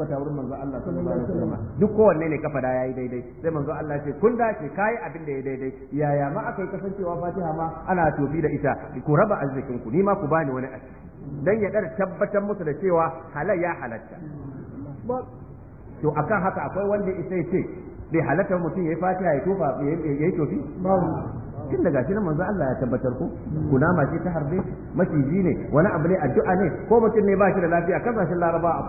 tabbata wurin manzo Allah sallallahu alaihi wasallam duk kowanne ne kafa da yayi daidai sai manzo Allah ce kun dace kai abin da ya daidai yaya ma akai kasancewa Fatiha ma ana tobi da ita ku raba arzikin ku ni ma ku bani wani a dan ya dar tabbatar musu da cewa halal ya halatta to akan haka akwai wanda ita ce bai halatta mutum yayi Fatiha ya tofa yayi tofi tun daga shi manzo Allah ya tabbatar ku ma ce ta harbe maciji ne wani abu ne addu'a ne ko mutum ne ba shi da lafiya kasashen laraba